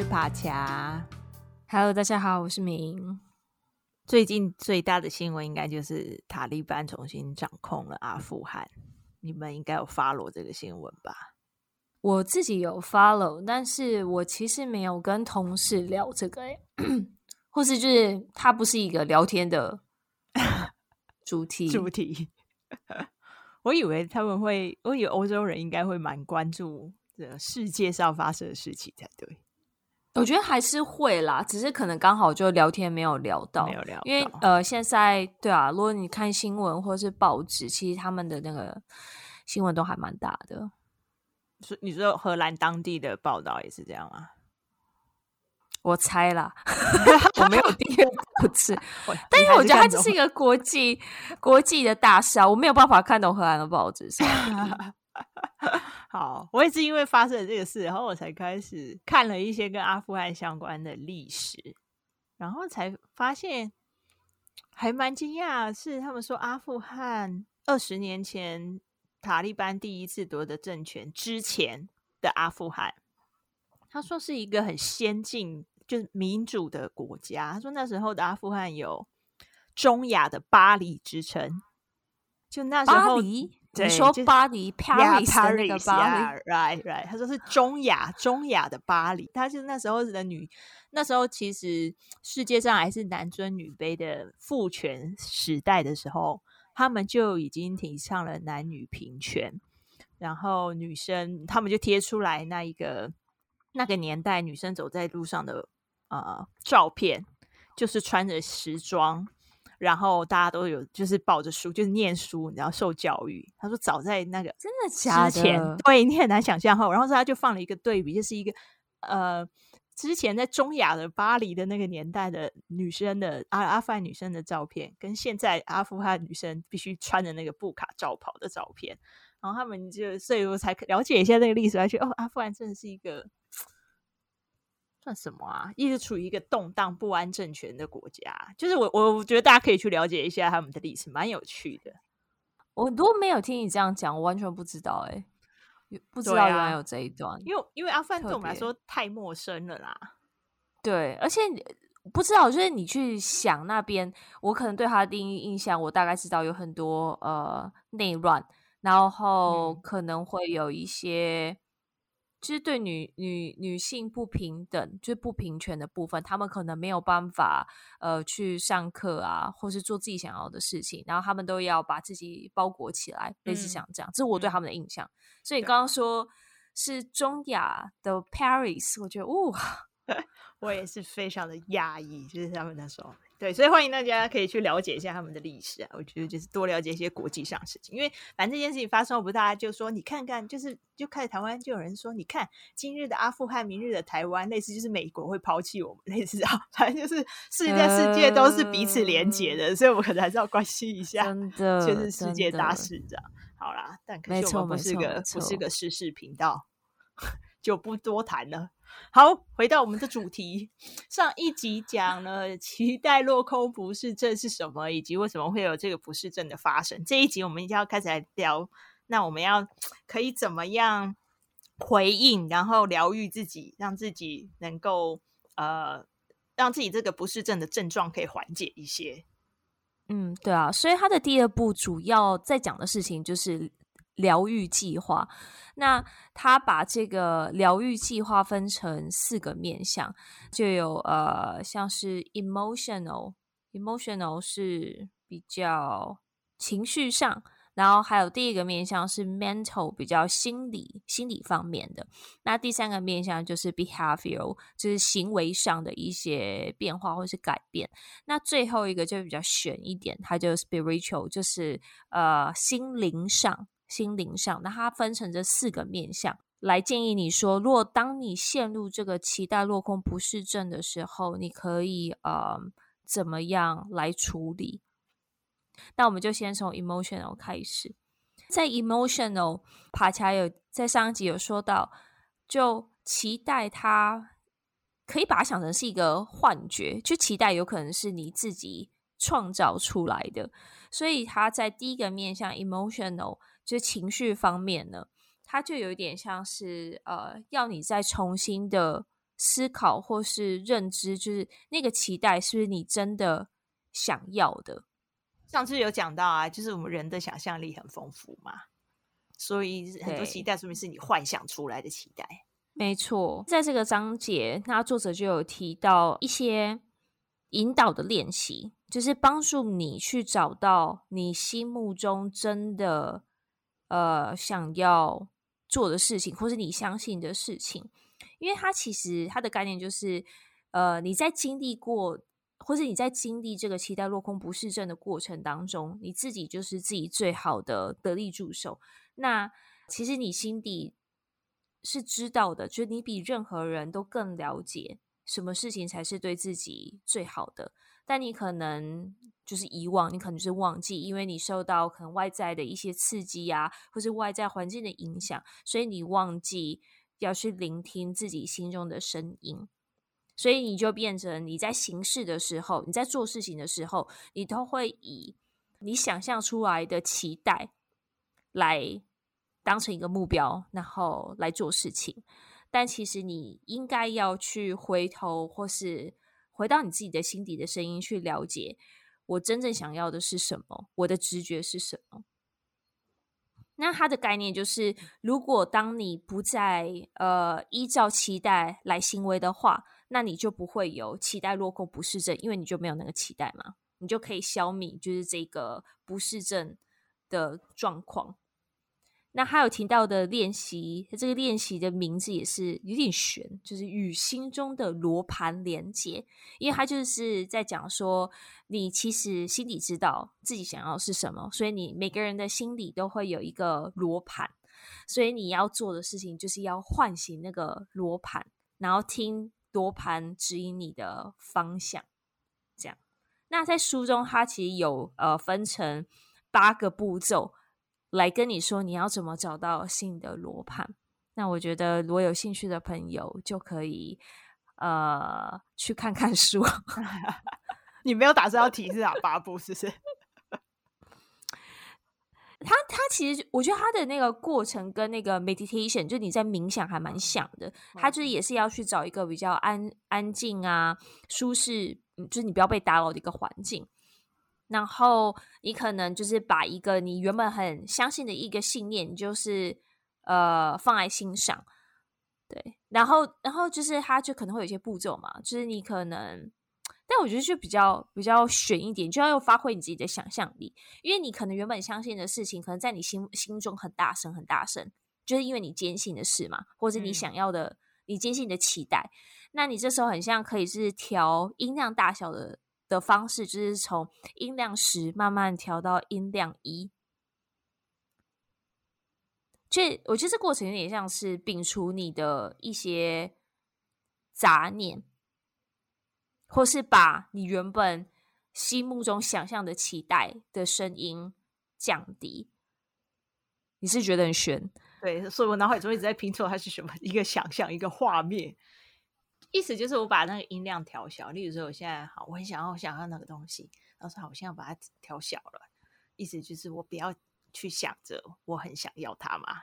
是帕恰，Hello，大家好，我是明。最近最大的新聞應該就是塔利班重新掌控了阿富汗，你們應該有 follow 這個新聞吧？我自己有 follow，但是我其實沒有跟同事聊這個耶 或是就是他不是一個聊天的主題 主題。 我以為他們會，我以為歐洲人應該會蠻關注這個世界上發生的事情才對。我覺得還是會啦，只是可能剛好就聊天沒有聊到，沒有聊。因為呃，現在對啊，如果你看新聞或者是報紙，其實他們的那個新聞都還蠻大的。所以你說荷蘭當地的報道也是這樣嗎？我猜啦，我沒有訂閱報紙， 但是我覺得他就是一個國際國際的大事啊，我沒有辦法看懂荷蘭的報紙是吧。 好，我也是因為發生了這個事，然後我才開始看了一些跟阿富汗相關的歷史，然後才發現還蠻驚訝，是他們說阿富汗二十年前塔利班第一次奪得政權之前的阿富汗，他說是一個很先進、就是民主的國家。他說那時候的阿富汗有中亞的巴黎之稱，就那時候。巴黎？對你說巴黎，Paris，Paris，Right，Right。他說是中亞，中亞的巴黎。他是那時候的女，那時候其實世界上還是男尊女卑的父權時代的時候，他們就已經提倡了男女平權。然後女生，他們就貼出來那一個那個年代女生走在路上的呃照片，就是穿着時裝。然後大家都有就是抱着書，就是念書，然後受教育。他說早在那個之前，真的假的？對，你很難想象。後，然後他就放了一個對比，就是一個呃，之前在中亞的巴黎的那個年代的女生的阿，阿富汗女生的照片，跟現在阿富汗女生必須穿的那個布卡罩袍的照片。然後他們就，所以我才了解一下那個歷史，才覺得哦，阿富汗真的是一個。算什麼啊！一直處於一個動盪不安政權的國家，就是我，我我覺得大家可以去了解一下他們的歷史，蠻有趣的。我都沒有聽你這樣講，我完全不知道、欸，哎，不知道原來有這一段。啊、因為因為阿富汗對我們來說別太陌生了啦。對，而且不知道，就是你去想那邊，我可能對它的第一印象，我大概知道有很多呃內亂，然後可能會有一些。嗯其實對女女女性不平等，就是不平權的部分，她們可能沒有辦法，呃，去上課啊，或是做自己想要的事情，然後她們都要把自己包裹起來，嗯、類似像這樣，這是我對他們的印象。嗯、所以你剛剛說是中亞的 Paris，對我覺得哦，哇 我也是非常的壓抑，就是他們那時候。對，所以歡迎大家可以去了解一下他們的歷史啊！我覺得就是多了解一些國際上的事情，因為反正這件事情發生後，不是大家就說你看看，就是就看台灣，就有人說你看今日的阿富汗，明日的台灣，類似就是美國會拋棄我們，類似啊，反正就是世界世界都是彼此連結的，嗯，所以我們可能還是要關心一下，真的，就是世界大事。這樣的。好啦，但可是我們不是個不是個時事頻道，就不多談了。好，回到我們的主題。上一集講了期待落空不適症是什麼，以及為什麼會有這個不適症的發生。這一集我們就要開始來聊，那我們要可以怎麼樣回應，然後療癒自己，讓自己能夠呃，讓自己這個不適症的症狀可以緩解一些。嗯，對啊，所以他的第二部主要在講的事情就是療癒計劃。那他把這個療癒計劃分成四個面向，就有呃，像是 emotional，emotional 是比較情緒上，然後還有第一個面向是 mental，比較心理心理方面的。那第三個面向就是 behavior，就是行為上的一些變化或是改變。那最後一個就比較玄一點，它就 spiritual，就是、呃心靈上。心靈上，那它分成這四個面向來建議你說，若當你陷入這個期待落空不適症的時候，你可以呃怎麼樣來處理？那我們就先從 emotional 開始，在 emotional 爬起來有在上一集有說到，就期待它可以把它想成是一個幻覺，就期待有可能是你自己創造出來的，所以它在第一個面向 emotional。Emotional, 就情緒方面呢，它就有點像是呃，要你再重新的思考或是認知，就是那個期待是不是你真的想要的？上次有講到啊，就是我們人的想象力很豐富嘛，所以很多期待說明是你幻想出來的期待。沒錯，在這個章節，那作者就有提到一些引導的練習，就是幫助你去找到你心目中真的。呃，想要做的事情，或是你相信的事情，因為他其實他的概念就是，呃，你在經歷過，或者你在經歷這個期待落空不適症的過程當中，你自己就是自己最好的得力助手。那其實你心底是知道的，就是你比任何人都更了解什麼事情才是對自己最好的。但你可能就是以往，你可能就是忘記，因為你受到可能外在的一些刺激啊，或是外在環境的影響，所以你忘記要去聆聽自己心中的聲音，所以你就變成你在行事的時候，你在做事情的時候，你都會以你想象出來的期待來當成一個目標，然後來做事情。但其實你應該要去回頭，或是。回到你自己的心底的聲音去了解，我真正想要的是什麼？我的直覺是什麼？那它的概念就是，如果當你不再呃依照期待來行為的話，那你就不會有期待落空不適症，因為你就沒有那個期待嘛，你就可以消弭就是這個不適症的狀況。那還有提到的練習，這個練習的名字也是有點玄，就是與心中的羅盤連接。因為它就是在講說，你其實心裡知道自己想要是什麼，所以你每個人的心裡都會有一個羅盤。所以你要做的事情，就是要喚醒那個羅盤，然後聽羅盤指引你的方向。這樣，那在書中它其實有呃分成八個步驟。來跟你說你要怎麼找到新的羅盤。那我覺得，如果有興趣的朋友就可以呃去看看書。 你沒有打算要提示啊八步，是不是？他，他其實我覺得他的那個過程跟那個 meditation，就你在冥想還蠻像的。嗯、他就是也是要去找一個比較安安靜啊、舒適，就是你不要被打擾的一個環境。然後你可能就是把一個你原本很相信的一個信念，就是呃放在心上，對。然後，然後就是它就可能會有一些步驟嘛，就是你可能，但我覺得就比較比較懸一點，就要要發揮你自己的想象力，因為你可能原本相信的事情，可能在你心心中很大聲很大聲，就是因為你堅信的事嘛，或者你想要的，你堅信的期待，那你這時候很像可以是調音量大小的。的方式就是從音量十慢慢調到音量一，這我覺得這個過程有點像是摒除你的一些雜念，或是把你原本心目中想象的期待的聲音降低。你是覺得很懸？對，所以我腦海中一直在拼湊，它是什麼？一個想象，一個畫面。意思就是，我把那個音量調小。例如說，我現在好，我很想要，我想要那個東西。然後說，好，我現在把它調小了。意思就是，我不要去想着我很想要它嘛。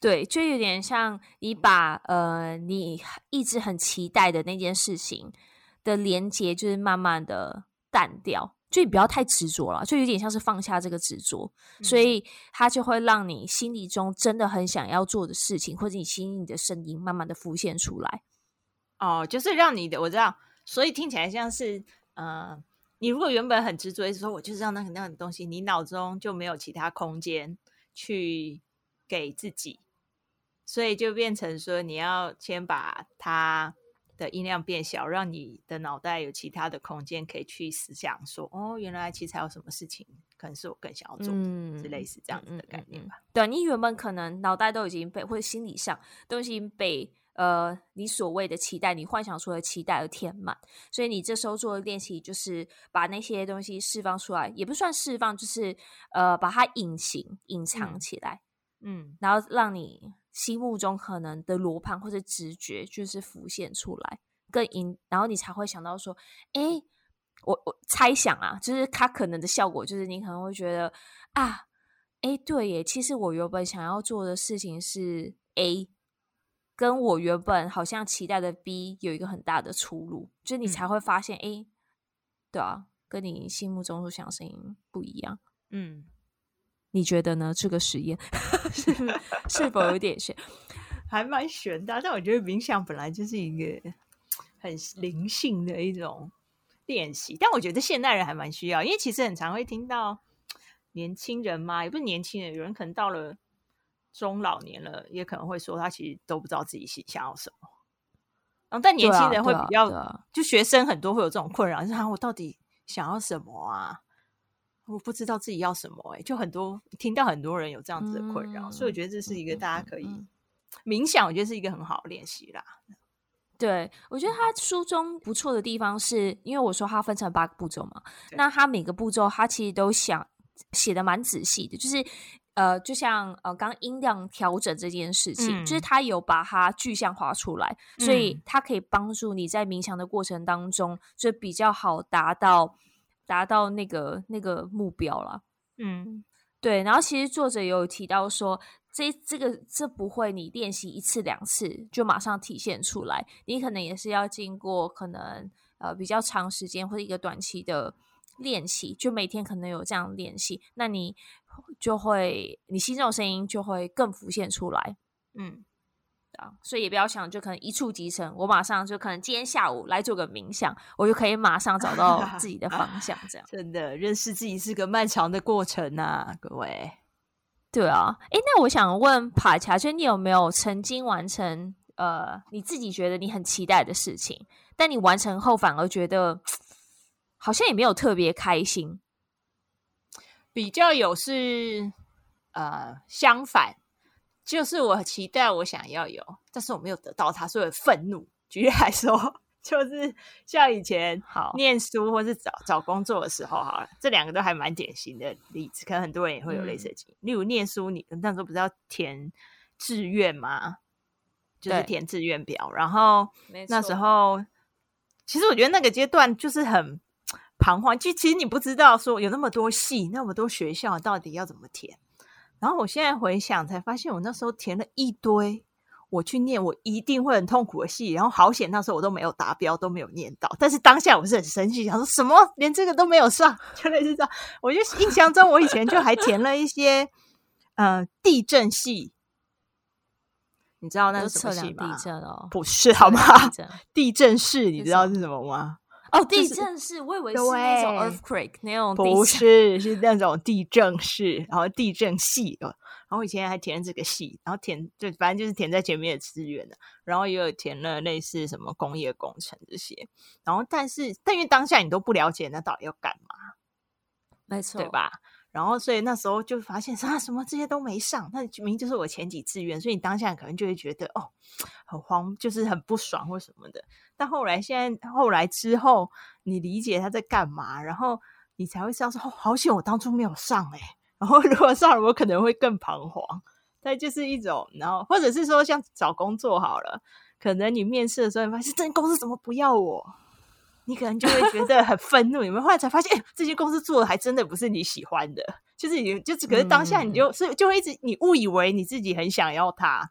對，就有點像你把呃，你一直很期待的那件事情的連接，就是慢慢的淡掉。就你不要太執着了，就有點像是放下這個執着，所以它就會讓你心裡中真的很想要做的事情，或者你心裡的聲音，慢慢的浮現出來。哦，就是讓你的我知道，所以聽起來像是，呃，你如果原本很執着，意思說我就是要那個那樣、個、的東西，你腦中就沒有其他空間去給自己，所以就變成說你要先把它的音量變小，讓你的腦袋有其他的空間可以去思想說，說哦，原來其實還有什麼事情可能是我更想要做的，嗯、之類似這樣子的概念吧。嗯嗯嗯、對，你原本可能腦袋都已經被，或者心理上都已經被。呃，你所謂的期待，你幻想出的期待而填滿，所以你這時候做的練習就是把那些東西釋放出來，也不算釋放，就是呃把它隱形隱藏起來，嗯，嗯，然後讓你心目中可能的羅盤或者直覺就是浮現出來，更隱，然後你才會想到說，誒、欸，我我猜想啊，就是它可能的效果就是你可能會覺得啊，誒、欸，對耶，其實我原本想要做的事情是 A。跟我原本好像期待的 B 有一個很大的出入，就你才會發現，哎、嗯欸，對啊，跟你心目中所想的聲音不一樣。嗯，你覺得呢？這個實驗 是， 是否有點懸？還蠻懸的、啊。但我覺得冥想本來就是一個很靈性的一種練習，嗯、但我覺得現代人還蠻需要，因為其實很常會聽到年輕人嘛，也不是年輕人，有人可能到了。中老年了，也可能會說他其實都不知道自己想要什麼。但年輕人會比較，就學生很多會有這種困擾，就是啊，我到底想要什麼啊？我不知道自己要什麼，哎，就很多聽到很多人有這樣子的困擾，所以我覺得這是一個大家可以冥想，我覺得是一個很好的練習啦。對，我覺得他書中不錯的地方，是因為我說他分成八個步驟嘛，對那他每個步驟他其實都想。寫的蠻仔細的，就是呃，就像呃，剛剛音量調整這件事情，嗯、就是它有把它具象化出來，所以它可以幫助你在冥想的過程當中，就比較好達到達到那個那個目標了。嗯，對。然後其實作者有提到說，這這個這不會，你練習一次兩次就馬上體現出來，你可能也是要經過可能呃比較長時間或者一個短期的。練習就每天可能有這樣練習，那你就會你心中的聲音就會更浮現出來，嗯，啊，所以也不要想就可能一蹴即成，我馬上就可能今天下午來做個冥想，我就可以馬上找到自己的方向，這樣、 啊、真的認識自己是個漫長的過程啊，各位，對啊，哎，那我想問帕恰，就你有沒有曾經完成呃你自己覺得你很期待的事情，但你完成後反而覺得。好像也沒有特別開心，比較有是呃相反，就是我期待我想要有，但是我沒有得到他，所以憤怒。舉例來說，就是像以前好念書或是找好找工作的時候，好了，這兩個都還蠻典型的例子，可能很多人也會有類似的經歷。嗯、例如念書，你那個時候不是要填志願嗎？對就是填志願表，然後沒錯那時候其實我覺得那個階段就是很。彷徨，就其實你不知道說有那麼多系，那麼多學校到底要怎麼填。然後我現在回想才發現，我那時候填了一堆我去念，我一定會很痛苦的系。然後好險那時候我都沒有達標，都沒有念到。但是當下我是很生氣，想說什麼連這個都沒有上，就類似這樣。我就印象中，我以前就還填了一些 呃地震系，你知道那個什麼測量地震哦？不是好嗎？地震系，你知道是什麼嗎？ 哦，就是，地震是，我以為是那種 earthquake、欸、那種地震。不是，是那種地震式，然後地震系的。然後我以前還填了這個系，然後填就反正就是填在前面的資源的，然後也有填了類似什麼工業工程這些。然後，但是但因為當下你都不了解，那到底要幹嘛？沒錯，對吧？然後，所以那時候就發現、啊、什麼這些都沒上，那明明就是我前幾志願，所以你當下你可能就會覺得哦，很慌，就是很不爽或什麼的。但後來，現在後來之後，你理解他在幹嘛，然後你才會知道說：哦、好險，我當初沒有上誒、欸、然後，如果上了，我可能會更彷徨。但就是一種，然後或者是說，像找工作好了，可能你面試的時候你發現，這公司怎麼不要我？你可能就會覺得很憤怒，有沒有？ 後來才發現，哎，這些公司做的還真的不是你喜歡的，就是你就只、是、可是當下你就是、嗯、就會一直你誤以為你自己很想要它，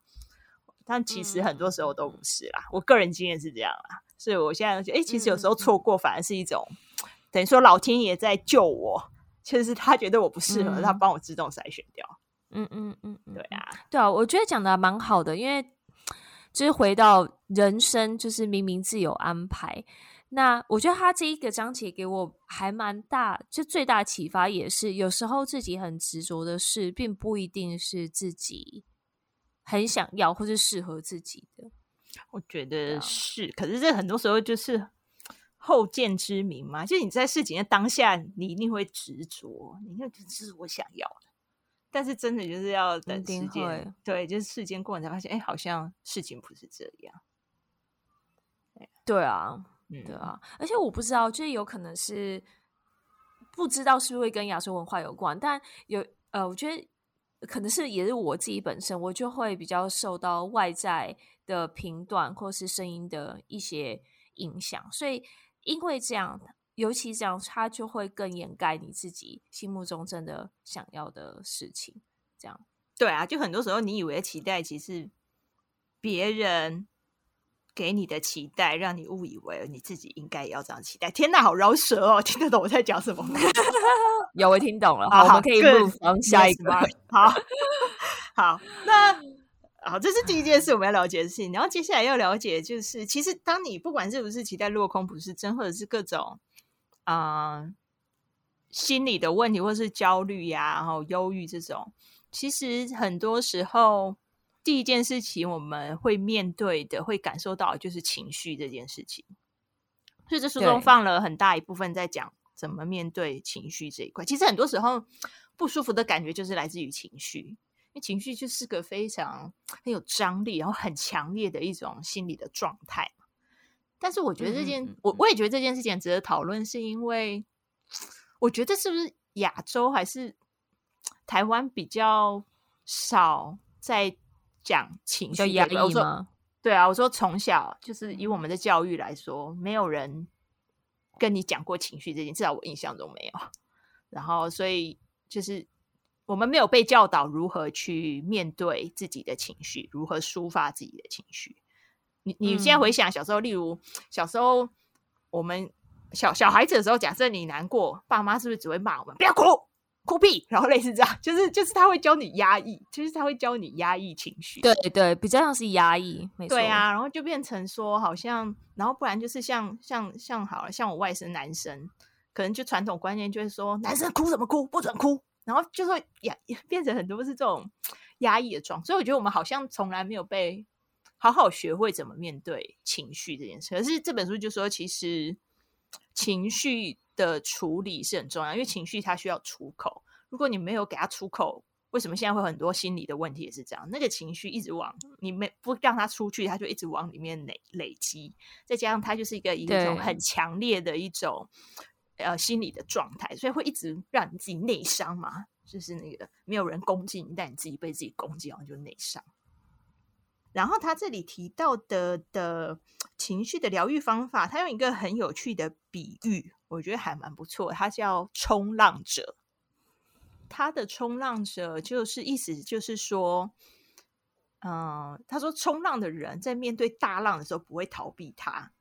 但其實很多時候都不是啦。嗯、我個人經驗是這樣啦，所以我現在就覺得，哎、欸，其實有時候錯過反而是一種，嗯、等於說老天爺在救我，其、就、實是他覺得我不適合，嗯、他幫我自動篩選掉。嗯嗯嗯，嗯嗯對啊，對啊，我覺得講的蠻好的，因為就是回到人生，就是明明自有安排。那我覺得他這一個章節給我還蠻大，就最大啟發也是，有時候自己很執着的事，並不一定是自己很想要或是適合自己的。我覺得是，可是這很多時候就是後見之明嘛，就你在事情的當下，你一定會執着，你看這是我想要的，但是真的就是要等時間，對，就是時間過完才發現，哎、欸，好像事情不是這樣。對，對啊。嗯、對啊，而且我不知道，就是有可能是不知道是不是跟亞洲文化有關，但有呃，我覺得可能是也是我自己本身，我就會比較受到外在的頻段或是聲音的一些影響，所以因為這樣，尤其這樣，它就會更掩蓋你自己心目中真的想要的事情。這樣。對啊，就很多時候你以為期待，其實別人。給你的期待，讓你誤以為你自己應該也要這樣期待。天哪，好饒舌哦！聽得懂我在講什麼嗎？有，我聽懂了。好，我們可以錄下一個。好 好，好，那好，這是第一件事，我們要了解的事情。然後接下來要了解的就是，其實當你不管是不是期待落空，不是真，或者是各種啊、呃、心理的問題，或是焦慮呀、啊，然後憂鬱這種，其實很多時候。第一件事情我們會面對的，會感受到的就是情緒這件事情，所以這書中放了很大一部分在講怎麼面對情緒這一塊。對其實很多時候不舒服的感覺就是來自於情緒，那情緒就是個非常很有張力，然後很強烈的一種心理的狀態。但是我覺得這件，嗯、我我也覺得這件事情值得討論，是因為我覺得是不是亞洲還是台灣比較少在。講情緒，壓抑嗎？對啊，我說從小就是以我們的教育來說，沒有人跟你講過情緒這件，至少我印象中沒有。然後，所以就是我們沒有被教導如何去面對自己的情緒，如何抒發自己的情緒。你你現在回想、嗯、小時候，例如小時候我們小小孩子的時候，假設你難過，爸媽是不是只會罵我們“不要哭”？哭屁，然後類似這樣，就是就是他會教你壓抑，就是他會教你壓抑情緒，對對，比較像是壓抑，沒錯，對啊。然後就變成說好像，然後不然就是像像像，像好了，像我外甥男生，可能就傳統觀念就是說男生哭什麼哭不准哭，然後就說呀變成很多是這種壓抑的狀，所以我覺得我們好像從來沒有被好好學會怎麼面對情緒這件事。可是這本書就說其實情緒。的處理是很重要，因為情緒它需要出口。如果你沒有給他出口，為什麼現在會有很多心理的問題也是這樣？那個情緒一直往你沒，不讓他出去，他就一直往裡面累累積。再加上他就是一個一種很強烈的一種對呃心理的狀態，所以會一直讓你自己內傷嘛。就是那個沒有人攻擊你，但你自己被自己攻擊，然後就內傷。然後他這裡提到的的情緒的療癒方法，他用一個很有趣的比喻，我覺得還蠻不錯，他叫衝浪者。他的衝浪者就是意思就是說，嗯、呃，他說衝浪的人在面對大浪的時候不會逃避他。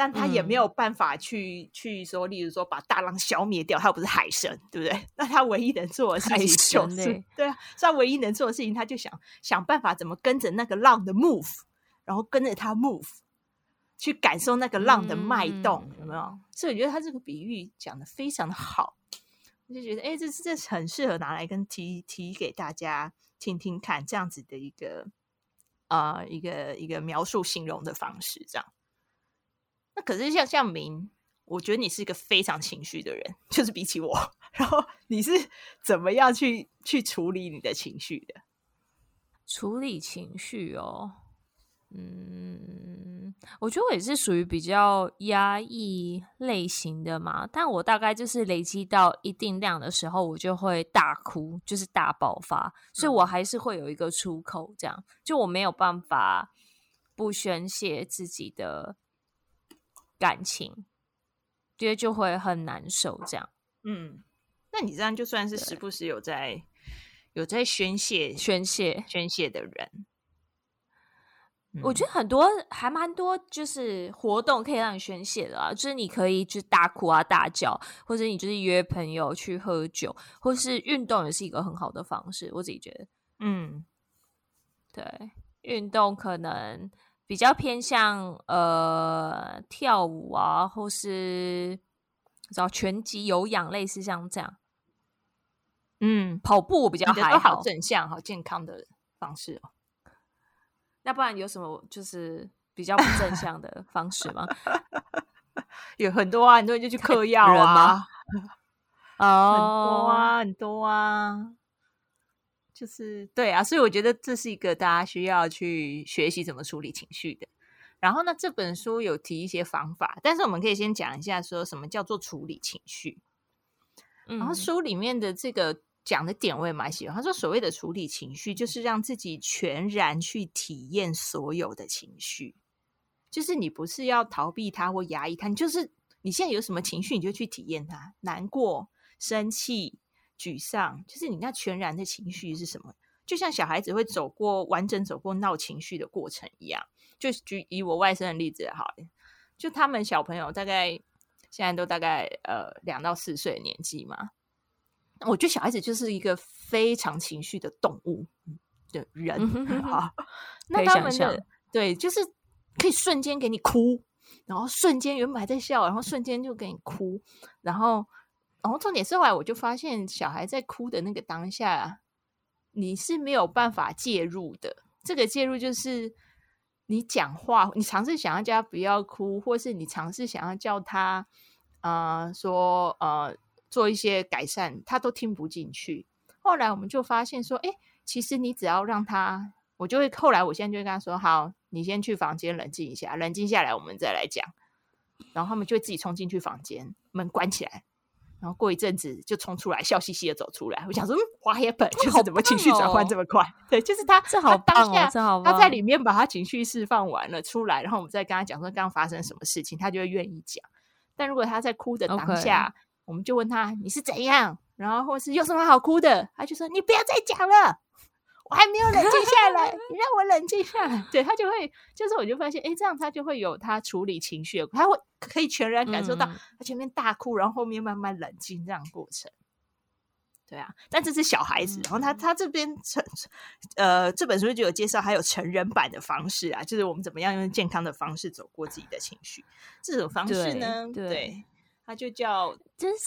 但他也沒有辦法去、嗯、去說，例如說把大浪消滅掉，他又不是海神，對不對？那他唯一能做的事情，就是海神欸、對啊，所以他唯一能做的事情，他就想想辦法怎麼跟着那個浪的 move，然後跟着他 move，去感受那個浪的脈動，嗯、有沒有？所以我覺得他這個比喻講得非常的好，我就覺得，哎、欸，這是這是很適合拿來跟提提給大家聽聽看，這樣子的一個啊、呃，一個一個描述形容的方式，這樣。可是像像明，我覺得你是一個非常情緒的人，就是比起我，然後你是怎麼樣去去處理你的情緒的？處理情緒哦，嗯，我覺得我也是屬於比較壓抑類型的嘛，但我大概就是累積到一定量的時候，我就會大哭，就是大爆發，所以我還是會有一個出口，這樣，嗯，就我沒有辦法不宣洩自己的。感情，爹就會很難受。這樣，嗯，那你這樣就算是時不時有在對有在宣洩、宣洩、宣洩的人，我覺得很多還蠻多，就是活動可以讓你宣洩的，啊。就是你可以去大哭啊、大叫，或者你就是約朋友去喝酒，或是運動也是一個很好的方式。我自己覺得，嗯，對，運動可能。比較偏向呃跳舞啊，或是找拳擊、有氧，類似像這樣。嗯，跑步比較還好，好正向好健康的方式哦、喔。那不然有什麼就是比較不正向的方式嗎？ 有很多啊，很多人就去嗑藥啊。人啊， 很多啊，很多啊。就是對啊，所以我覺得這是一個大家需要去學習怎麼處理情緒的。然後呢，這本書有提一些方法，但是我們可以先講一下說什麼叫做處理情緒。嗯。然後書裡面的這個講的點我也蠻喜歡，他說所謂的處理情緒，就是讓自己全然去體驗所有的情緒，就是你不是要逃避它或壓抑它，就是你現在有什麼情緒，你就去體驗它，難過、生氣。沮喪，就是你那全然的情緒是什麼？就像小孩子會走過完整走過鬧情緒的過程一樣。就舉以我外甥的例子好，就他們小朋友大概現在都大概呃兩到四歲的年紀嘛。我覺得小孩子就是一個非常情緒的動物的人、嗯、哼哼哼啊。那他們的對，就是可以瞬間給你哭，然後瞬間原本還在笑，然後瞬間就給你哭，然後。然後、哦、重點是後來，我就發現小孩在哭的那個當下，你是沒有辦法介入的。這個介入就是你講話，你嘗試想要叫他不要哭，或是你嘗試想要叫他呃說呃做一些改善，他都聽不進去。後來我們就發現說，哎、欸，其實你只要讓他，我就會後來我現在就跟他說，好，你先去房間冷靜一下，冷靜下來我們再來講。然後他們就會自己衝進去房間，門關起來。然後過一陣子就衝出來，笑嘻嘻的走出來。我想說，嗯、哦，What happened? 就是怎麼情緒轉換這麼快？對，就是他，好哦、他當下、哦、他在裡面把他情緒釋放完了出來，然後我們再跟他講說，剛剛發生什麼事情，他就會願意講。但如果他在哭的當下，Okay. 我們就問他你是怎樣，然後或是有什麼好哭的，他就說你不要再講了。我還沒有冷靜下來， 你讓我冷靜下來，對，他就會，就是我就發現，哎、欸，這樣他就會有他處理情緒，他會可以全然感受到他前面大哭，然後後面慢慢冷靜這樣的過程。嗯、對啊，但這是小孩子，嗯、然後他他這邊成呃，這本書就有介紹，還有成人版的方式啊，就是我們怎麼樣用健康的方式走過自己的情緒，這種方式呢，對，對，對，他就叫真是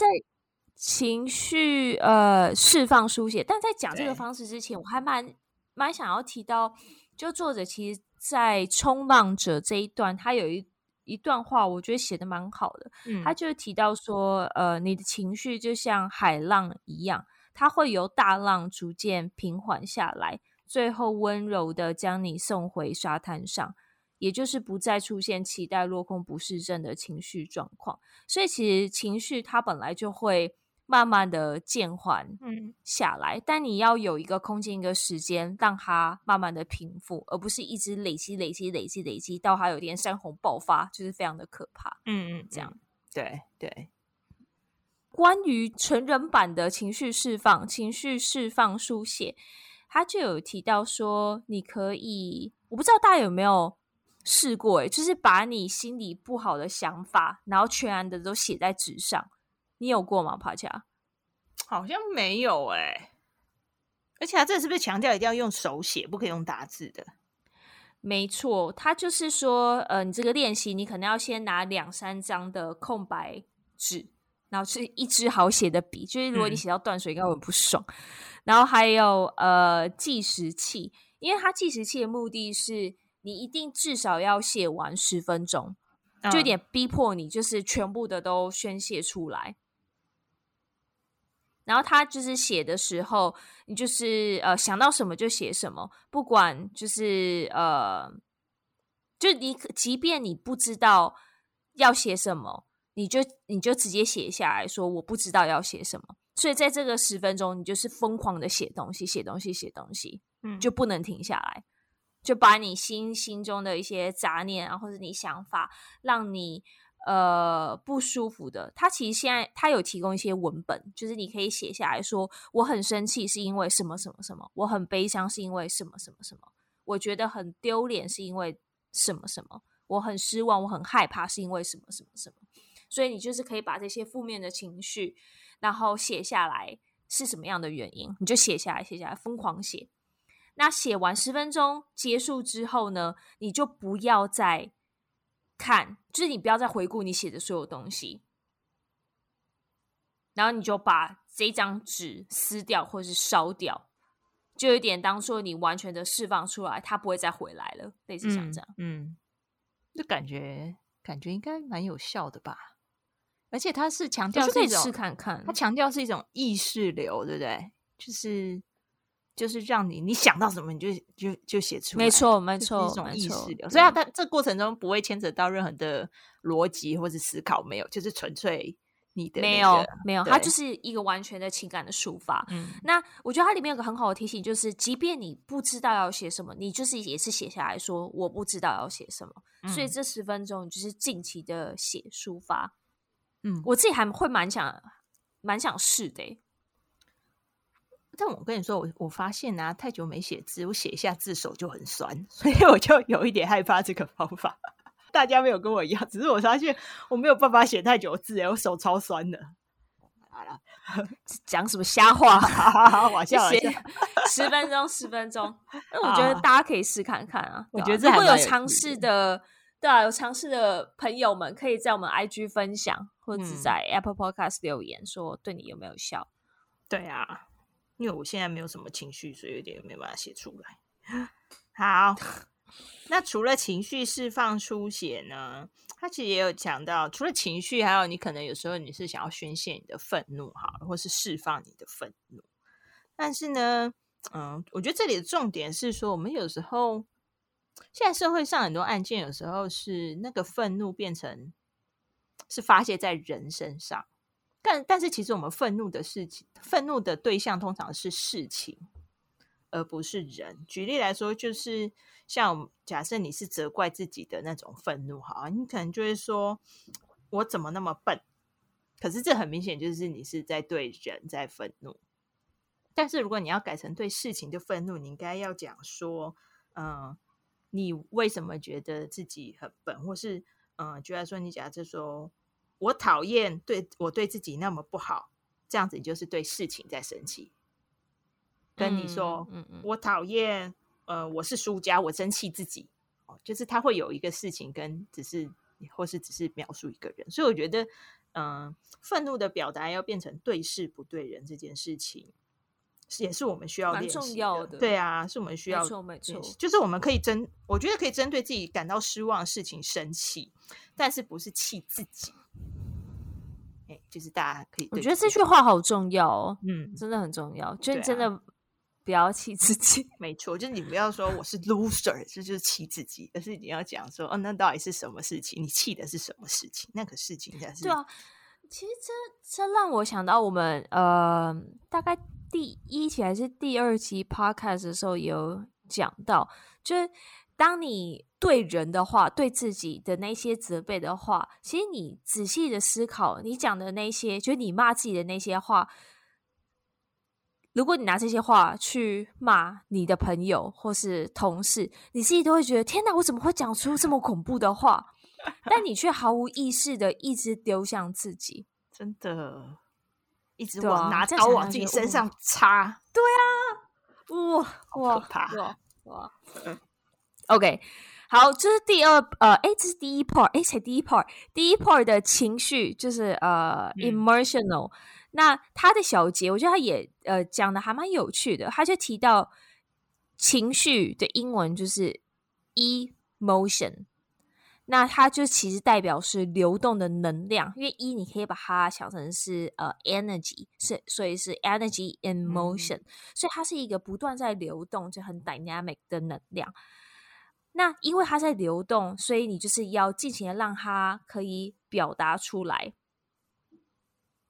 情緒呃釋放書寫，但在講這個方式之前，對我還蠻蠻想要提到，就作者其實在《衝浪者》這一段，他有一一段話，我覺得寫得蠻好的。嗯，他就是提到說，呃，你的情緒就像海浪一樣，它會由大浪逐漸平緩下來，最後溫柔的將你送回沙灘上，也就是不再出現期待落空不適症的情緒狀況。所以，其實情緒它本來就會。慢慢的減緩下來，嗯、但你要有一個空間、一個時間，讓它慢慢的平復，而不是一直累積、累積、累積、累積到它有點山洪爆發，就是非常的可怕。嗯，嗯嗯，這樣對對。對關於成人版的情緒釋放、情緒釋放書寫，他就有提到說，你可以，我不知道大家有沒有試過、欸，就是把你心裡不好的想法，然後全然的都寫在紙上。你有過嗎，帕恰？好像沒有誒、欸。而且他這是不是強調一定要用手寫，不可以用打字的？沒錯，他就是說，呃，你這個練習，你可能要先拿兩三張的空白紙，然後是一支好寫的筆，就是如果你寫到斷水，應該會不爽。嗯、然後還有呃計時器，因為它計時器的目的是你一定至少要寫完十分鐘，嗯、就有點逼迫你，就是全部的都宣洩出來。然後他就是寫的時候，你就是呃，想到什麼就寫什麼，不管就是呃，就你即便你不知道要寫什麼，你就你就直接寫下來說我不知道要寫什麼。所以在這個十分鐘，你就是瘋狂的寫東西，寫東西，寫東西，寫東西，嗯，就不能停下來，就把你心心中的一些雜念啊，或者你想法，讓你。呃，不舒服的。他其實現在他有提供一些文本，就是你可以寫下來說，我很生氣是因為什麼什麼什麼，我很悲傷是因為什麼什麼什麼，我覺得很丟臉是因為什麼什麼，我很失望，我很害怕是因為什麼什麼什麼。所以你就是可以把這些負面的情緒，然後寫下來是什麼樣的原因，你就寫下來，寫下來，瘋狂寫。那寫完十分鐘，結束之後呢，你就不要再。看，就是你不要再回顧你寫的所有東西，然後你就把這張紙撕掉或者是燒掉，就有點當說你完全的釋放出來，它不會再回來了。類似像這樣，嗯，就、嗯、感覺感覺應該蠻有效的吧？而且它是強調是種是看看，它強調是一種意識流，對不對？就是。就是讓你你想到什麼你就就就寫出來，沒錯沒錯，這種意識流，所以它這過程中不會牽扯到任何的邏輯或者思考，沒有，就是純粹你的沒有、那個、沒有，沒有對它就是一個完全的情感的抒發。嗯、那我覺得它裡面有個很好的提醒，就是即便你不知道要寫什麼，你就是也是寫下來說我不知道要寫什麼，嗯、所以這十分鐘就是盡情的寫抒發。嗯，我自己還會蠻想蠻想試的、欸。但我跟你說，我我發現啊，太久沒寫字，我寫一下字手就很酸，所以我就有一點害怕這個方法。 大家沒有跟我一樣，只是我發現我沒有辦法寫太久字，我手超酸的。好了，講什麼瞎話？往下， 往下，寫往下十分鐘， 十分鐘。那我覺得大家可以試看看啊。啊啊我覺得如果有嘗試的，的，對啊，有嘗試的朋友們，可以在我們 IG 分享，或者在 Apple Podcast 留言，嗯、說對你有沒有效？對啊。因為我現在沒有什麼情緒，所以有點沒辦法寫出來。好，那除了情緒釋放書寫呢？它其實也有講到，除了情緒，還有你可能有時候你是想要宣泄你的憤怒哈，或是釋放你的憤怒。但是呢，嗯，我覺得這裡的重點是說，我們有時候現在社會上很多案件，有時候是那個憤怒變成是發洩在人身上。但但是，其實我們憤怒的事情，憤怒的對象通常是事情，而不是人。舉例來說，就是像假設你是責怪自己的那種憤怒，哈、啊，你可能就會說我怎麼那麼笨。可是這很明顯就是你是在對人在憤怒。但是如果你要改成對事情的憤怒，你應該要講說，嗯、呃，你為什麼覺得自己很笨，或是嗯、呃，舉例來說，你假設說，你假設說。我討厭對我對自己那麼不好，這樣子就是對事情在生氣。嗯、跟你說，嗯嗯，嗯我討厭，呃，我是輸家，我生氣自己，哦，就是他會有一個事情跟只是或是只是描述一個人。所以我覺得，嗯、呃，憤怒的表達要變成對事不對人這件事情，也是我們需要練習的。蠻重要的。對啊，是我們需要，沒錯沒錯，就是我們可以針，我覺得可以針對自己感到失望的事情生氣，但是不是氣自己。就是大家可以對，我覺得這句話好重要哦，嗯，真的很重要。啊、就真的不要氣自己，沒錯，就是你不要說我是 loser，這 就，就是氣自己。而是你要講說，哦，那到底是什麼事情？你氣的是什麼事情？那個事情應該是。對啊，其實這這讓我想到我們呃，大概第一期還是第二期 podcast 的時候有講到，就是。當你對人的話，對自己的那些責備的話，其實你仔細的思考，你講的那些，就你罵自己的那些話，如果你拿這些話去罵你的朋友或是同事，你自己都會覺得天哪，我怎麼會講出這麼恐怖的話？但你卻毫無意識的一直丟向自己，真的，一直往拿刀往自己身上插。對啊，哇哇哇哇！OK，好，這、就是第二呃，誒，這是第一 part，哎，才第一 part，第一 part 的情緒就是呃，emotional。嗯、ional，那他的小結，我覺得他也呃講的還蠻有趣的，他就提到情緒的英文就是 emotion，那它就其實代表是流動的能量，因為一、e、你可以把它想成是呃 energy，是所以是 energy in motion，、嗯、所以它是一個不斷在流動就很 dynamic 的能量。那因為它在流動，所以你就是要盡情的讓它可以表達出來。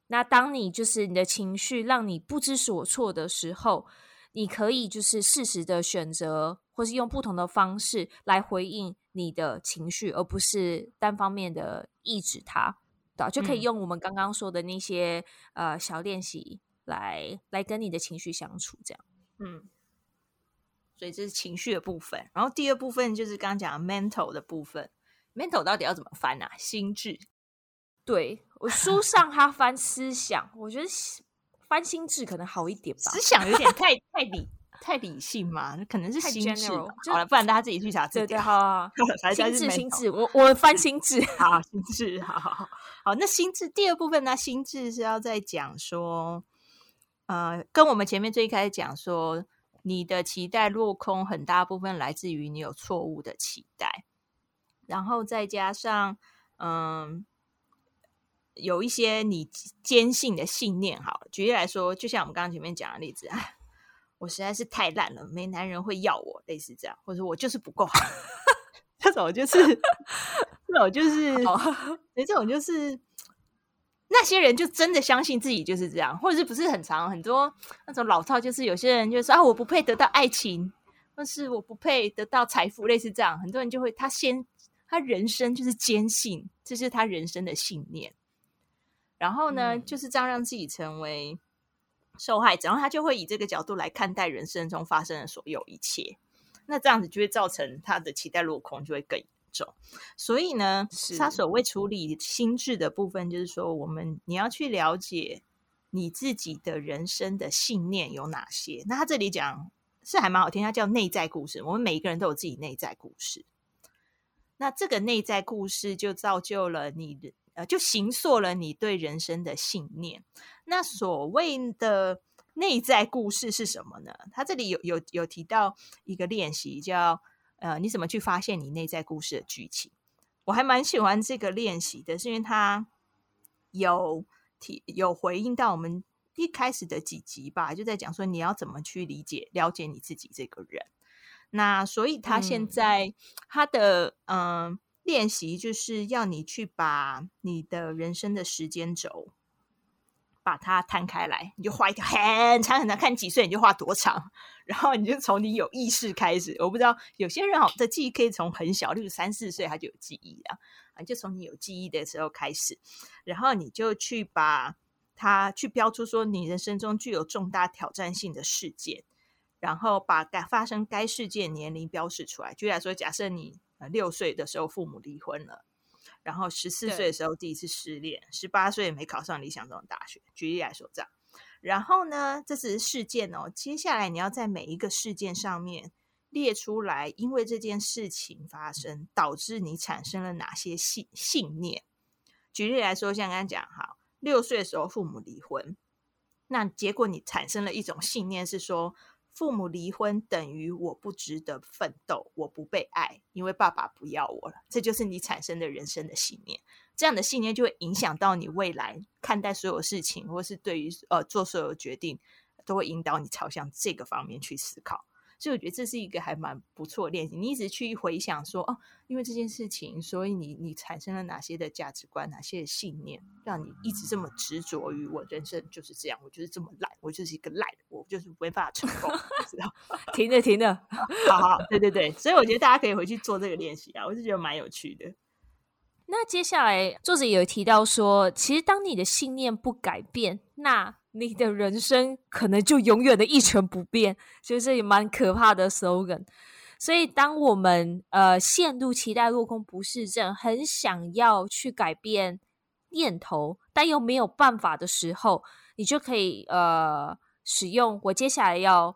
那當你就是你的情緒讓你不知所措的時候，你可以就是適時的選擇，或是用不同的方式來回應你的情緒，而不是單方面的抑制它。對啊，就可以用我們剛剛說的那些、嗯、呃小練習來來跟你的情緒相處，這樣，嗯。所以這是情緒的部分，然後第二部分就是剛剛講的 mental 的部分，mental 到底要怎麼翻呢？啊，心智，對我書上它翻思想， 我覺得翻心智可能好一點吧。思想有點太 太理太理性嘛，那可能是心智。好了，不然大家自己去查字典。聊 心智，心智，我我翻心智， 好，心智，好好、好、好，那心智第二部分呢？心智是要再講說，呃，跟我們前面最一開始講說。你的期待落空，很大部分來自於你有錯誤的期待，然後再加上，嗯，有一些你堅信的信念。好，舉例來說，就像我們剛剛前面講的例子啊，我實在是太爛了，沒男人會要我，類似這樣，或者我就是不夠好，這種 就，就是，這種 就是，沒錯，好就是。那些人就真的相信自己就是這樣，或者是不是很常，很多那種老套，就是有些人就說啊，我不配得到愛情，或是我不配得到財富，類似這樣，很多人就會他先他人生就是堅信這是他人生的信念，然後呢，就是這樣讓自己成為受害者，嗯、然後他就會以這個角度來看待人生中發生的所有一切，那這樣子就會造成他的期待落空，就會更。種，所以呢，他是所謂處理心智的部分，就是說，我們你要去了解你自己的人生的信念有哪些。那他這裡講是還蠻好聽，他叫內在故事。我們每一個人都有自己內在故事，那這個內在故事就造就了你的，呃，就形塑了你對人生的信念。那所謂的內在故事是什麼呢？他這裡有有有提到一個練習叫。呃，你怎麼去發現你內在故事的劇情？我還蠻喜歡這個練習的，是因為他有提有回應到我們一開始的幾集吧，就在講說你要怎麼去理解、了解你自己這個人。那所以他現在他、嗯、的嗯、呃、練習就是要你去把你的人生的時間軸。把它攤開來，你就畫一條很長很長，看你幾歲你就畫多長，然後你就從你有意識開始。我不知道有些人好，這記憶可以從很小，例如三四歲他就有記憶了，啊，就從你有記憶的時候開始，然後你就去把它去標出說你人生中具有重大挑戰性的事件，然後把發生該事件年齡標示出來。就來說，假設你呃六歲的時候父母離婚了。然後十四歲的時候第一次失戀，十八對歲也沒考上理想中的大學。舉例來說，這樣，然後呢，這次事件哦，接下來你要在每一個事件上面列出來，因為這件事情發生導致你產生了哪些信信念。舉例來說，像剛剛講，好，六歲的時候父母離婚，那結果你產生了一種信念是說。父母離婚等於我不值得奮鬥，我不被愛，因為爸爸不要我了。這就是你產生的人生的信念，這樣的信念就會影響到你未來看待所有事情，或是對於呃做所有決定，都會引導你朝向這個方面去思考。所以我覺得這是一個還蠻不錯的練習。你一直去回想說，哦，因為這件事情，所以你你產生了哪些的價值觀，哪些的信念，讓你一直這麼執着於我人生就是這樣，我就是這麼懶，我就是一個懶，我就是沒辦法成功。 知道？停的停的，好好好，對對對。所以我覺得大家可以回去做這個練習啊，我是覺得蠻有趣的。那接下來作者也有提到說，其實當你的信念不改變，那。你的人生可能就永遠的一成不變，就這也蠻可怕的 slogan。所以，當我們呃陷入期待落空不適症，很想要去改變念頭，但又沒有辦法的時候，你就可以呃使用我接下來要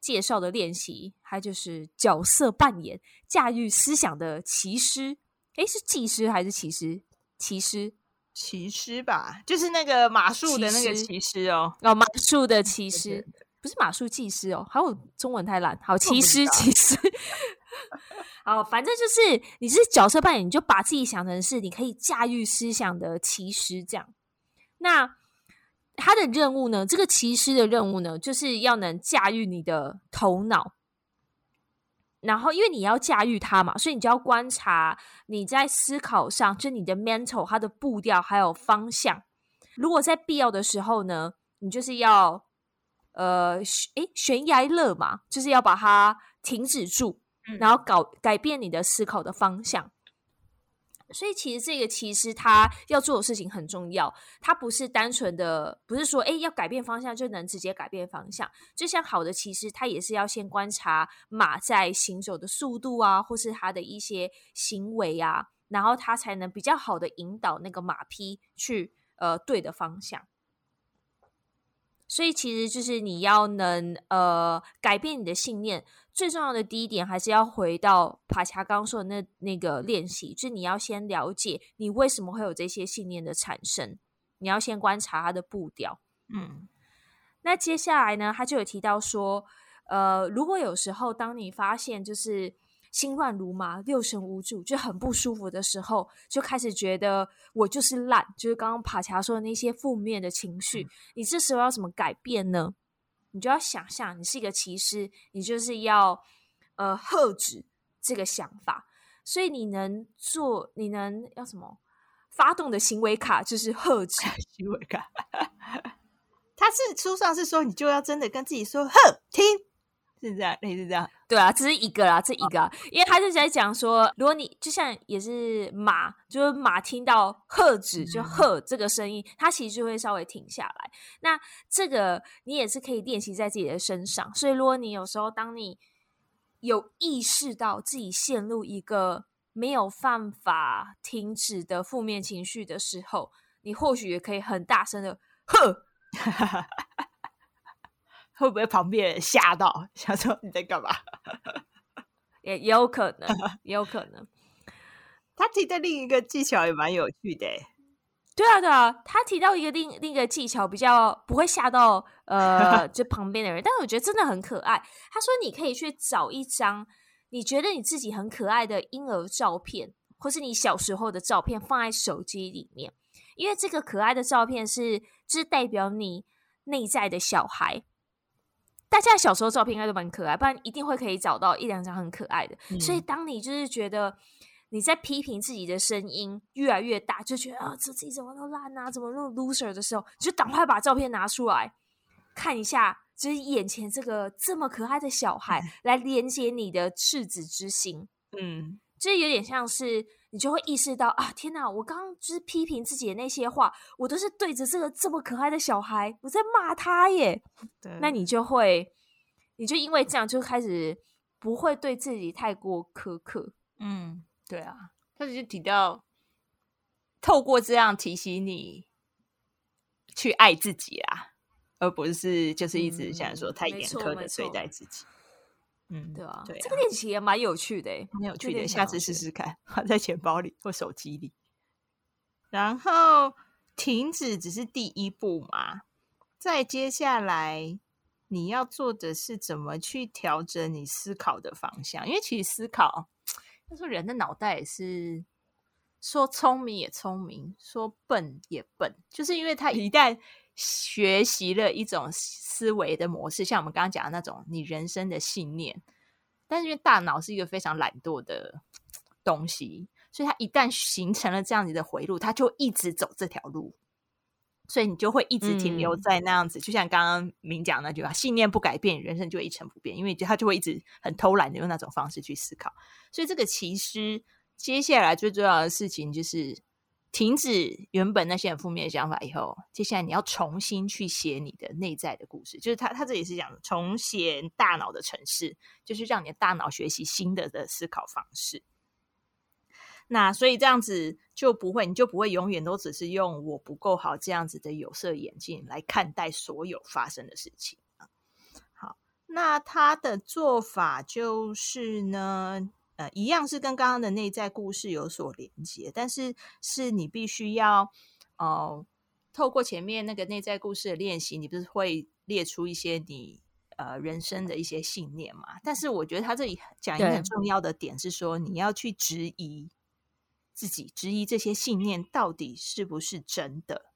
介紹的練習，它就是角色扮演駕馭思想的騎師。誒，是技師還是騎師？騎師。騎師吧，就是那個馬術的那個騎師哦，哦，馬術的騎師不是馬術技師哦，喔，還有中文太爛，好，騎師騎師，騎士 好，反正就是你是角色扮演，你就把自己想成是你可以駕馭思想的騎師這樣。那他的任務呢？這個騎師的任務呢，就是要能駕馭你的頭腦。然後，因為你要駕馭它嘛，所以你就要觀察你在思考上，就你的 mental 它的步調還有方向。如果在必要的時候呢，你就是要呃，誒，懸崖勒馬，就是要把它停止住，嗯、然後搞改變你的思考的方向。所以，其實這個騎師他要做的事情很重要，他不是單純的，不是說誒要改變方向就能直接改變方向。就像好的騎師他也是要先觀察馬在行走的速度啊，或是他的一些行為啊，然後他才能比較好的引導那個馬匹去呃對的方向。所以，其實就是你要能呃改變你的信念。最重要的第一點，還是要回到帕恰剛剛說的那那個練習，就是你要先了解你為什麼會有這些信念的產生，你要先觀察它的步調。嗯，那接下來呢，他就有提到說，呃，如果有時候當你發現就是心亂如麻、六神無主，就很不舒服的時候，就開始覺得我就是懶，就是剛剛帕恰說的那些負面的情緒，嗯。你這時候要怎麼改變呢？你就要想象你是一個騎士，你就是要呃，喝止這個想法，所以你能做，你能要什麼？發動的行為卡就是喝止 行為卡， 他是書上是說，你就要真的跟自己說，喝，聽。是這樣，類似這樣，對啊，只是一個啦，這是一個，啊，哦，因為他就在講說，如果你就像也是馬，就是馬聽到喝止，就喝這個聲音，嗯、它其實就會稍微停下來。那這個你也是可以練習在自己的身上。所以，如果你有時候當你有意識到自己陷入一個沒有辦法停止的負面情緒的時候，你或許也可以很大聲的喝。 會不會旁邊人嚇到？想說你在幹嘛？也、 yeah, 有可能，有可能。 他提的另一個技巧也蠻有趣的，欸。對啊，對啊，他提到一個另另一個技巧，比較不會嚇到呃，就旁邊的人。 但我覺得真的很可愛。他說，你可以去找一張你覺得你自己很可愛的嬰兒照片，或是你小時候的照片，放在手機裡面，因為這個可愛的照片是，就是代表你內在的小孩。大家小時候照片應該都蠻可愛，不然一定會可以找到一兩張很可愛的。嗯、所以，當你就是覺得你在批評自己的聲音越來越大，就覺得啊，自己怎麼那麼爛啊，怎麼那麼 loser 的時候，就趕快把照片拿出來看一下，就是眼前這個這麼可愛的小孩，來連接你的赤子之心。嗯，這有點像是。你就會意識到啊，天哪！我剛剛就是批評自己的那些話，我都是對着這個這麼可愛的小孩，我在罵他耶。對那你就會，你就因為這樣就開始不會對自己太過苛刻。嗯，對啊。他只是提到，透過這樣提醒你去愛自己啊，而不是就是一直想說太嚴苛的對待自己。嗯。嗯，對啊，這個練習也蠻有趣的，蠻有趣的，下次試試看。放在錢包裡或手機裡，然後停止只是第一步嘛，再接下來你要做的是怎麼去調整你思考的方向，因為其實思考，他說人的腦袋是說聰明也聰明，說笨也笨，就是因為他一旦。學習了一種思維的模式，像我們剛剛講的那種你人生的信念。但是因為大腦是一個非常懶惰的東西，所以它一旦形成了這樣子的回路，它就一直走這條路。所以你就會一直停留在那樣子，嗯、就像剛剛明講那句話：信念不改變，人生就會一成不變。因為它就會一直很偷懶的用那種方式去思考。所以這個其實接下來最重要的事情就是。停止原本那些很負面的想法以後，接下來你要重新去寫你的內在的故事。就是他，他這裡是講重寫大腦的程式，就是讓你的大腦學習新的的思考方式。那所以這樣子就不會，你就不會永遠都只是用“我不夠好”這樣子的有色眼鏡來看待所有發生的事情。好，那他的做法就是呢。呃、一樣是跟剛剛的內在故事有所連接，但是是你必須要，哦、呃，透過前面那個內在故事的練習，你不是會列出一些你呃人生的一些信念嘛？但是我覺得他這裡講一個很重要的點是說，對你要去質疑自己，質疑這些信念到底是不是真的。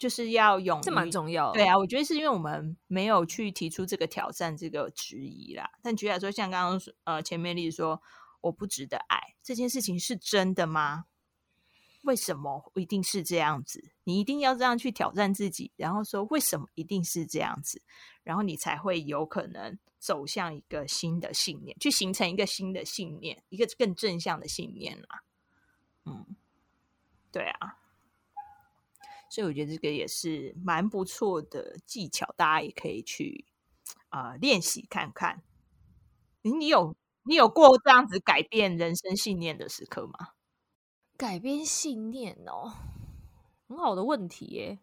就是要勇於，這麼重要。對啊，我覺得是因為我們沒有去提出這個挑戰、這個質疑啦。但舉例來說，像剛剛呃前面例子說，我不值得愛這件事情是真的嗎？為什麼一定是這樣子？你一定要這樣去挑戰自己，然後說為什麼一定是這樣子，然後你才會有可能走向一個新的信念，去形成一個新的信念，一個更正向的信念啦。嗯，對啊。所以我覺得這個也是蠻不錯的技巧，大家也可以去啊、呃、練習看看。你，你有你有過這樣子改變人生信念的時刻嗎？改變信念哦，很好的問題耶。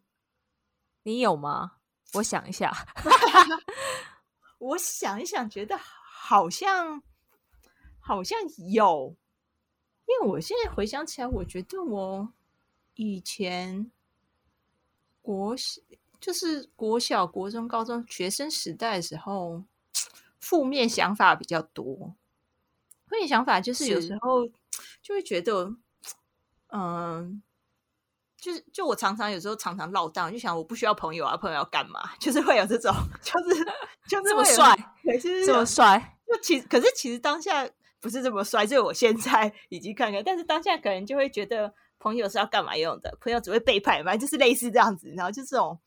你有嗎？我想一下， 我想一想，覺得好像好像有，因為我現在回想起來，我覺得我以前。國小就是國小、國中、高中學生時代的時候，負面想法比較多。負面想法就是有時候就會覺得，嗯是、呃，就是就我常常有時候常常繞道，就想我不需要朋友啊，朋友要幹嘛？就是會有這種，就是 就這麼帥，就是這，這麼帥。就其可是其實當下不是這麼帥，就是我現在已經看看，但是當下可能就會覺得。朋友是要幹嘛用的？朋友只會背叛嘛？就是類似這樣子，然後就這種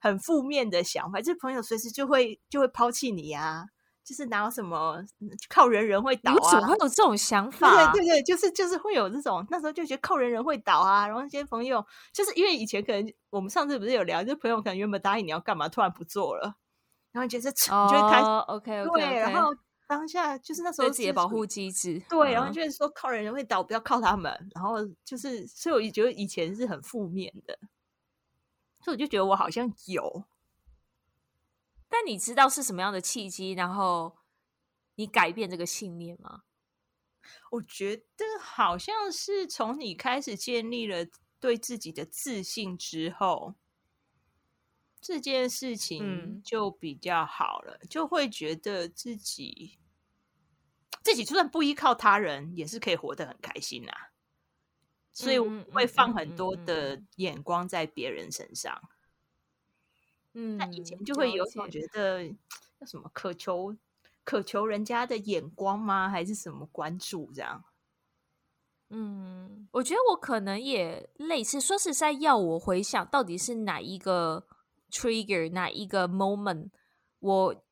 很負面的想法，就是朋友隨時就會就會拋棄你啊！就是哪有什麼靠人人會倒啊？怎麼會有這種想法？對對對，就是就是會有這種，那時候就覺得靠人人會倒啊！然後那些朋友，就是因為以前可能我們上次不是有聊，就是、朋友可能原本答應你要幹嘛，突然不做了，然後你覺得你就開始、oh, OK 對，然後。當下就是那時候自己的保護機制，對，然後就是說靠人人會倒，不要靠他們，啊、然後就是，所以我覺得以前是很負面的，所以我就覺得我好像有，但你知道是什麼樣的契機，然後你改變這個信念嗎？我覺得好像是從你開始建立了對自己的自信之後，這件事情就比較好了，嗯、就會覺得自己自己就算不依靠他人，也是可以活得很開心啊、嗯、所以會放很多的眼光在別人身上。嗯，那、嗯、以前就會有種覺得那解什麼渴求渴求人家的眼光嗎？還是什麼關注這樣？嗯，我覺得我可能也類似。說實在，要我回想到底是哪一個？Trigger 那一個 moment 我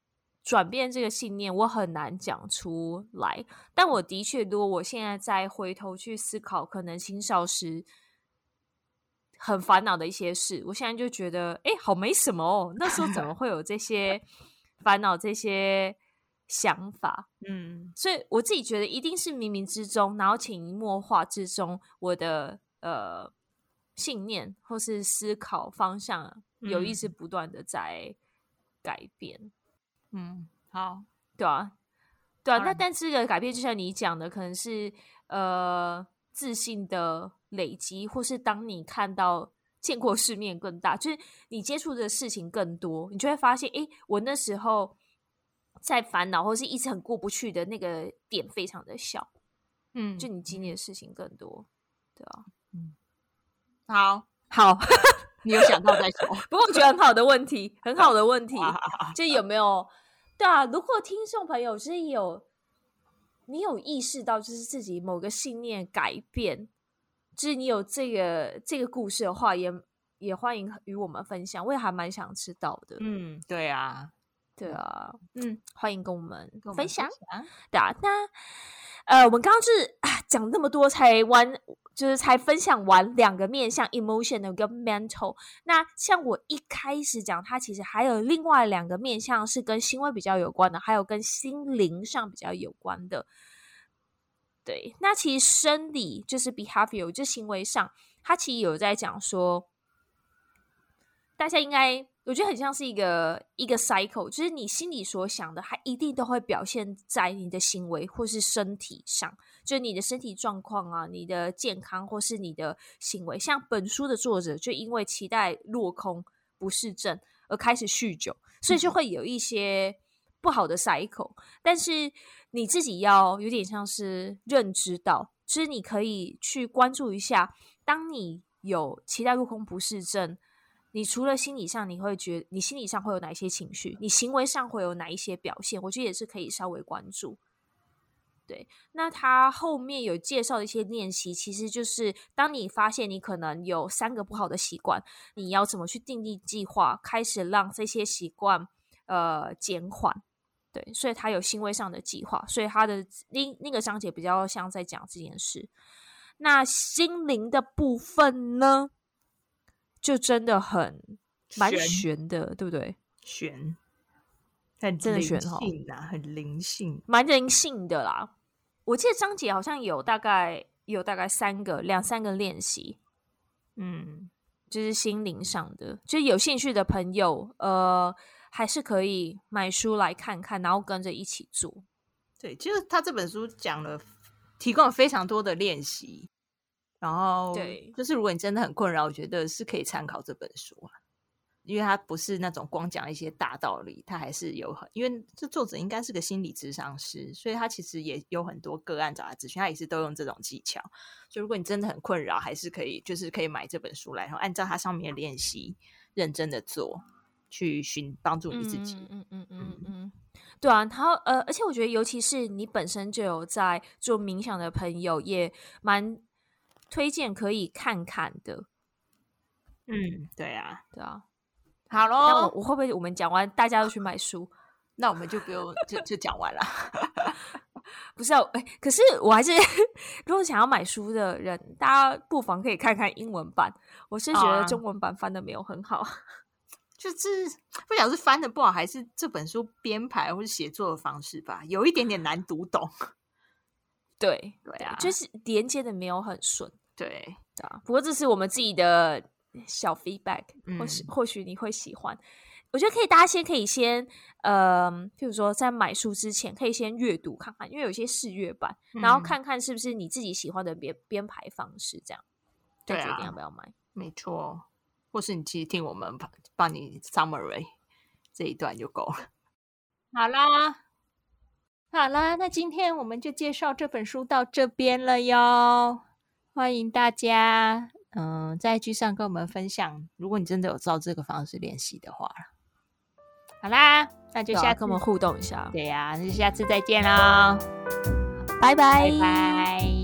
轉變這個信念，我很難講出來。但我的確，如果我現在再回頭去思考，可能青少時很煩惱的一些事，我現在就覺得，哎，好沒什麼哦。那時候怎麼會有這些煩惱、 這些想法？嗯，所以我自己覺得，一定是冥冥之中，然後潛移默化之中，我的呃信念或是思考方向。有一直不斷的在改變，嗯，好，對啊，對啊，的那但這個改變就像你講的，可能是呃自信的累積，或是當你看到見過世面更大，就是你接觸的事情更多，你就會發現，哎、欸，我那時候在煩惱或是一直很過不去的那個點非常的小，嗯，就你經歷的事情更多，對啊，嗯，好好.。 你有想到再說， 不過我覺得很好的問題， 很好的問題。就 有沒有？對啊，如果聽眾朋友是有，你有意識到就是自己某個信念改變，就是你有這個這個故事的話也，也也歡迎與我們分享。我也還蠻想知道的。嗯，對啊，對啊，嗯，歡迎跟我們，跟我們分享啊。享，對啊，那呃，我們剛剛是講那麼多才完。 就是才分享完兩個面向，emotional 跟 mental。那像我一開始講，它其實還有另外兩個面向是跟行為比較有關的，還有跟心靈上比較有關的。對，那其實生理就是 behavior，就是行為上，它其實有在講說，大家應該。我覺得很像是一個一個 cycle，就是你心裡所想的，它一定都會表現在你的行為或是身體上，就是你的身體狀況啊，你的健康或是你的行為。像本書的作者，就因為期待落空、不適症而開始酗酒，所以就會有一些不好的 cycle，嗯。但是你自己要有點像是認知到，就是你可以去關注一下，當你有期待落空、不適症。你除了心理上，你會覺得你心理上會有哪一些情緒？你行為上會有哪一些表現？我覺得也是可以稍微關注。對，那他後面有介紹一些練習，其實就是當你發現你可能有三個不好的習慣，你要怎麼去訂立計劃，開始讓這些習慣呃減緩。對，所以他有行為上的計劃，所以他的那那個章節比較像在講這件事。那心靈的部分呢？就真的很蠻玄的，玄對不對？玄，很、啊、真的玄很靈性，蠻靈性的啦。我記得張姐好像有大概有大概三個兩三個練習，嗯，就是心靈上的。就有興趣的朋友，呃，還是可以買書來看看，然後跟着一起做。對，其實他這本書講了，提供了非常多的練習。然後，對，就是如果你真的很困擾，對我覺得是可以參考這本書，因為它不是那種光講一些大道理，它還是有很，因為這作者應該是個心理諮商師，所以他其實也有很多個案找他諮詢，他也是都用這種技巧。就如果你真的很困擾，還是可以，就是可以買這本書來，然後按照它上面的練習，認真的做，去尋幫助你自己。嗯嗯嗯嗯嗯，嗯嗯嗯嗯對啊，然後呃，而且我覺得，尤其是你本身就有在做冥想的朋友，也蠻。推薦可以看看的，嗯，對啊，對啊，好咯。那我我會不會我們講完，大家都去買書， 那我們就不用就就講完了？ 不是啊，欸，可是我還是，如果想要買書的人，大家不妨可以看看英文版。我是覺得中文版翻的沒有很好，uh, 就是不曉得是翻的不好，還是這本書編排或者寫作的方式吧，有一點點難讀懂。對對啊，就是連接的沒有很順。對的、啊，不過這是我們自己的小 feedback，或是、嗯、或許你會喜歡。我覺得可以，大家先可以先，呃，譬如說在買書之前，可以先閱讀看看，因為有些試閱版，嗯、然後看看是不是你自己喜歡的編編排方式，這樣再決定要不要買、啊。沒錯，或是你其實聽我們幫幫你 summary 這一段就夠了。好啦，好啦，那今天我們就介紹這本書到這邊了喲。歡迎大家，嗯、呃，在 IG 上跟我們分享。如果你真的有照這個方式練習的話，好啦，那就下次、啊、跟我們互動一下。對呀、啊，那就下次再見嘍，拜拜拜。Bye bye